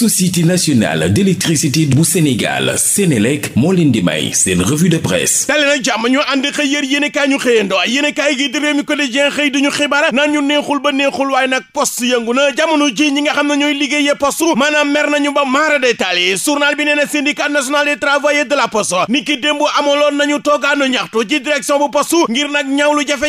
société nationale d'électricité bu Sénégal Sénélec moo leen di may seen de presse dali nag jàmm ñu ànd xëy yër yéen i kaay ñu xëyandoo yéen i kaay gi di réew mi quotidien xëy ñu xibaar naan ñu neexul ba neexul waaye nag poste yëngu na jamono ji ñi nga xam ne ñooy liggéeyee poste maanaam mer nañu ba maara détaal yi journal bi nee na syndicat national des travailleurs de la poste ni ki démb amaloon nañu toogaanu ñaxtu ci direction bu poste ngir nag ñaawlu jafe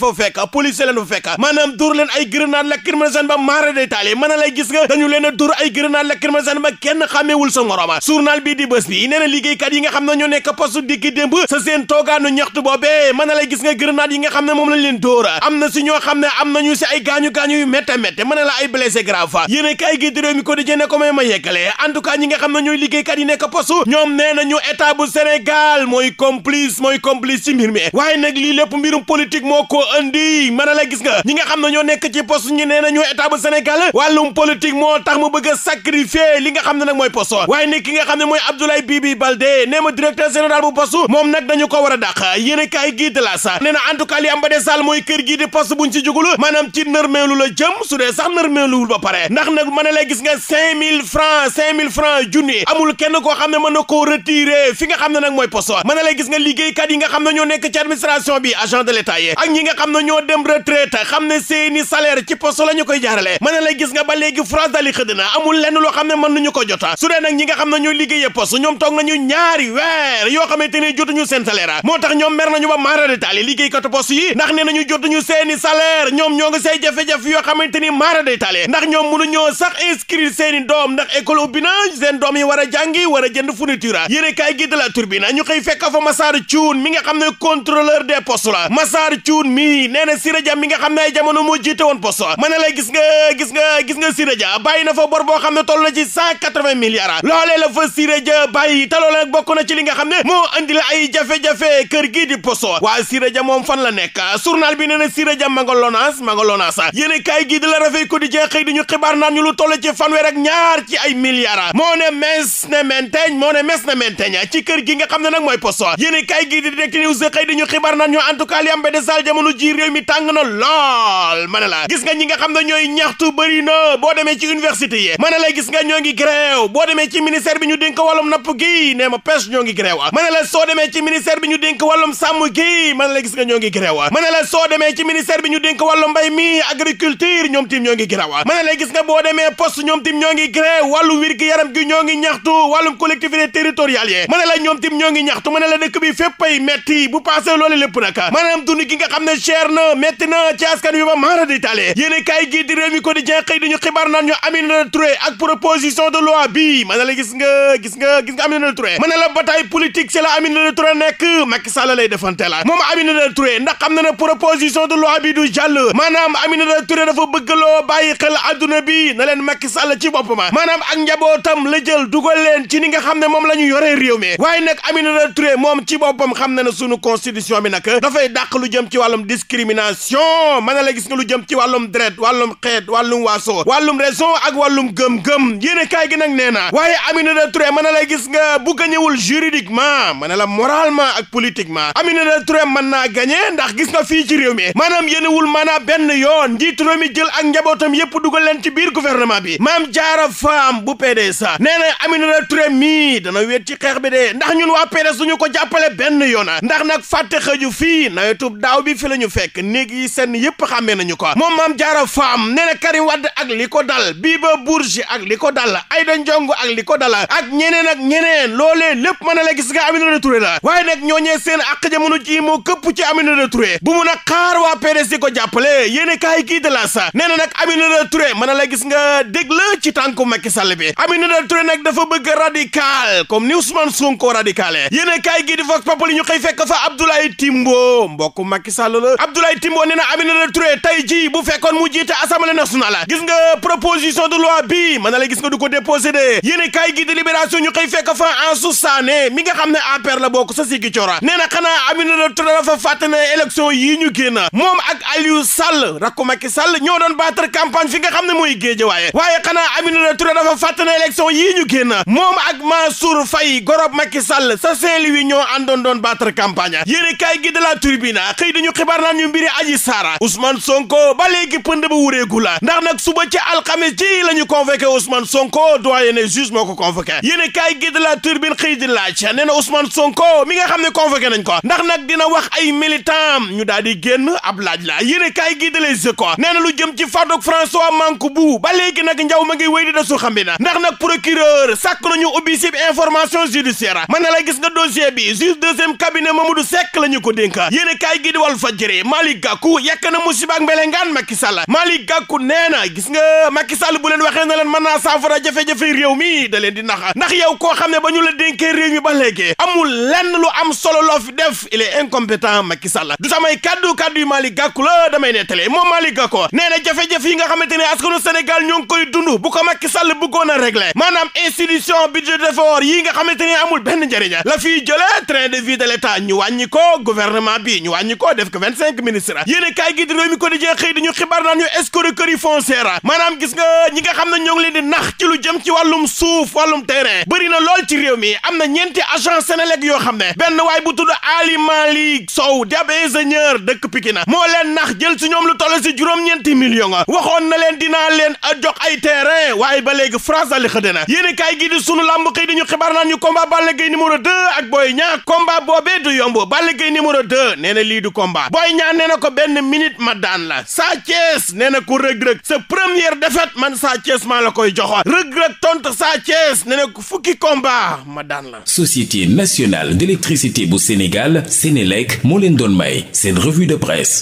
fa fekk police leen fa fekk maanaam dóor leen ay grenade lacrymogène ba maara day taali mën nga dañu leen a dóor ay grenade lacrymogène ba kenn xàmmeewul sa ngoroma journal bii di bés bi nee na liggéeykat nga xam ne ñoo nekk poste dikki démb sa seen toogaanu ñaxtu boobee mën a nga grenade yi nga xam na ñoo si ay gaañu-gaañu yu métte métte mën ay blessé grave yéene kaay gi di réew ko di jëne ko may ma yeggale en ñi nga andi mën a la gis nga ñi nga xam na ñoo nekk ci poste ñu nee na nañu état bu Sénégal wàllum politique moo tax mu bëgg a li nga xam ne nag mooy poste waaye ne ki nga xam ne mooy Abdoulaye Bibi Baldé nee ma directeur général bu poste moom nag dañu ko war a dàq yéen a kaay gii de la sa nee na en tout cas li am ba des sall mooy kër gii di poste buñ ci jugul maanaam ci nërmeelu la jëm su dee sax nërmeeluwul ba pare ndax nag mën la gis nga cinq mille francs cinq mille francs junni amul kenn koo xam ne mën na koo retiré fi nga xam ne nag mooy poste mën a gis nga liggéeykat yi nga xam ne ñoo nekk ci administration bi agent de l'état yi xam ne ñoo dem retraite xam ne seeni salaire ci poste la ñu koy jaarale mën na la gis nga ba léegi France dali xëdd na amul lenn loo xam ne mën nañu ko jota su dee nag ñi nga xam ne ñu liggéeyee poste ñoom toog nañu ñaari weer yoo xamante ne jotuñu seen salaire moo tax ñoom mer nañu ba maara détaali liggéeykatu poste yi ndax nee nañu jotuñu seeni salaire ñoom ñoo ngi say jafe-jafe yoo xamante ni maara détaali ndax ñoom mënuñoo sax inscrire seeni doom ndax école ubbi na seen doom yi war a jàngi war a jënd fourniture yéene kaay gi de la turbine ñu xëy fekk fa Massar Thioune xam ne contrôleur des postes la Massar Thioune mi nii nee na mi nga xam ne ay jamono moo jiite woon poste ma ne la gis nga gis nga gis nga Siré Dia bàyyi xam ne toll na ci cent quatre-vingts milliards la fa Siré Dia bàyyi te loolee ci li nga xam ne moo andi ay jafe-jafe kër gii di waa Siré Dia moom fan la nekk journal bi nee na Siré Dia ma nga lonaas ma nga lonaas yéen a di la xëy di ñu xibaar naan ñu lu ci fanweer ak ñaar ci ay milliards moo ne mes ne menteñ jamono ji réew mi tàng na lool ma ne la gis nga ñi nga xam ne ñooy ñaxtu bëri boo demee ci université yi ma ne la gis nga ñoo ngi gréew boo demee ci ministère bi ñu dénk wàllum napp gi nee ma soo demee ci ministère bi ñu dénk wàllum sàmm gi ma ne la gis nga ñoo ngi gréew ma ne la gis nga boo demee poste ñoom tim ñoo ngi gréew wàllu wér yaram gi ñoo ngi ñaxtu wàllum collectivité territoriale yi ma ne la ñoom tim ñoo ngi ñaxtu ma ne la dëkk bi fépp cher na métti na ci askan wi ba maara di tale yéen kaay gii di réew mi quotidien xëy dañu xibaar naan ñu Aminata Touré ak proposition de loi bii ma ne la gis nga gis nga gis nga Aminata Touré ma ne la bataille politique c'est la Aminata Touré nekk Macky ala lay defante la moom Aminata Touré ndax xam na ne proposition de loi bi du jàll maanaam Aminata Touré dafa bëgg loo bàyyi xel bi na leen Macky Sall ci boppam maanaam ak njabootam la jël dugal leen ci ni nga xam ne moom la ñu yoree réew mi waaye nag Aminata Touré moom ci boppam xam na ne sunu constitution bi nag dafay dàq lu jëm ci wàllum discrimination mën na la gis nga lu jëm ci wàllum dret wàllum xeet wàllum waaso wàllum raison ak wàllum gëm-gëm yéen a kaay gi nag nee na waaye Aminata Touré mën na la gis nga bu gañewul juridiquement mën na la moralement ak politiquement Aminata Touré mën naa gañe ndax gis nga fii ci réew mi maanaam yéenewul maanaam benn yoon njiitu réew mi jël ak njabootam yépp dugal leen ci biir gouvernement bi maam jaara faam bu PDS nee na Aminata Touré mii dana wéet ci xeex bi de ndax ñun waa PDS duñu ko jàppale benn yoona ndax nag fàtte xëju fii ñu fekk néeg yi seen yëpp xàmmee ñu ko moom maam jaara faam nee na Karim Wade ak ko dal Biba Bourgi ak li ko dal Aïda Ndiongue ak li ko dal ak ñeneen ak ñeneen loolee lépp mën na la gis nga Aminata Touré la waaye nag ñooñee seen a jamono ji moo këpp ci Aminata Touré bu mun a xaar waa PDS di ko jàppale yéen a kaay kii de la sa nee na nag Aminata Touré mën na la gis nga dégg la ci tànku Macky Sall bi Aminata Touré nag dafa bëgg radical comme ni Ousmane Sonko radicalé yéen a kaay gii di Vox Populi ñu xëy fekk fa Abdoulaye Timbo mbokku Macky Sall Abdoulaye Timbo nee na Aminata Touré tey jii bu fekkoon mu jiite assemblée nationale nga proposition de loi bi mën na nga du ko déposé de i kaay gi de libération ñu xëy fekk fa Ansou Sané mi nga xam ne sa si gi coora nee na yii ñu génn moom ak Aliou Sall rakku Macky Sall ñoo doon fi nga xam ne mooy géej waaye waaye xanaa Aminata Touré dafa fàtte ne yii ñu génn moom ak Mansour Faye gorob Macky sa Saint-Louis ñoo àndoon doon battre campagne yéen i gi de la tribune xëy dañu xibaar leer laan ñu mbiri aji saara Ousmane Sonko ba léegi pënd ba wureegu la ndax nag suba ci alxames ji la ñu convoqué Ousmane Sonko doyen ne juge moo ko convoqué yéen a kaay gi la turbine xëy di laaj nee na Sonko mi nga xam ne convoqué nañ ko ndax nag dina wax ay militant ñu daal di génn ab laaj la yéen a kaay gi de les échos nee lu jëm ci fardok François bu ba léegi nag njaw ma ngi wéy di desul na ndax nag procureur sàkk nañu ubbi sib information judiciaire na la gis nga dossier bi juge ñu ko dénk yéen a Touré Malick Gakou yàkk na musiba ak mbelengaan Macky Sall Malick Gakou nee na gis nga Macky Sall bu leen waxee na leen mën naa saafara jafe-jafe réew mi da leen di nax ndax yow koo xam ne ba ñu la dénkee réew mi ba léegi amul lenn lu am solo loo fi def il est incompétent la Sall du samay kaddu kaddu yu Malick Gakou la damay ne moom Malick Gakou nee na jafe-jafe yi nga xamante ne askanu Sénégal ñoo ngi koy dund bu ko Macky Sall bëggoon a maanaam institution budget d'effort yi nga xamante ne amul benn njëriñ la fii jëlee train de vie de l'État ñu wàññi bi ñu wàññi ko def ko cinq ministres yéen a kaay gi di réew mi quotidien xëy di ñu xibaar naan ñu escroquerie gis nga ñi nga xam ne ñoo ngi leen di nax ci lu jëm ci wàllum suuf wàllum terrain bëri na lool ci réew mi am na ñeenti agent Senelec yoo xam ne benn waay bu tudd Ali Malik Sow di ab ingénieur dëkk Pikine moo leen nax jël si ñoom lu toll si juróom-ñeenti millions waxoon na leen dinaa leen jox ay terrain waaye ba léegi France ali xëdde na yéen a kaay gi sunu lamb xëy di ñu xibaar ñu combat Balla Gaye numéro 2 ak Boy Niang combat boobee du yomb Balla Gaye nee na lii du Boy Niang nee na ko benn minute ma daan la Sa Thiès nee na ko rëg-rëg sa première défaite man Sa Thiès maa la koy joxoon rëg-rëg tontu Sa Thiès nee na ko fukki combat ma daan la. Société nationale d'électricité bu Sénégal Sénélec moo leen doon may seen revue de presse.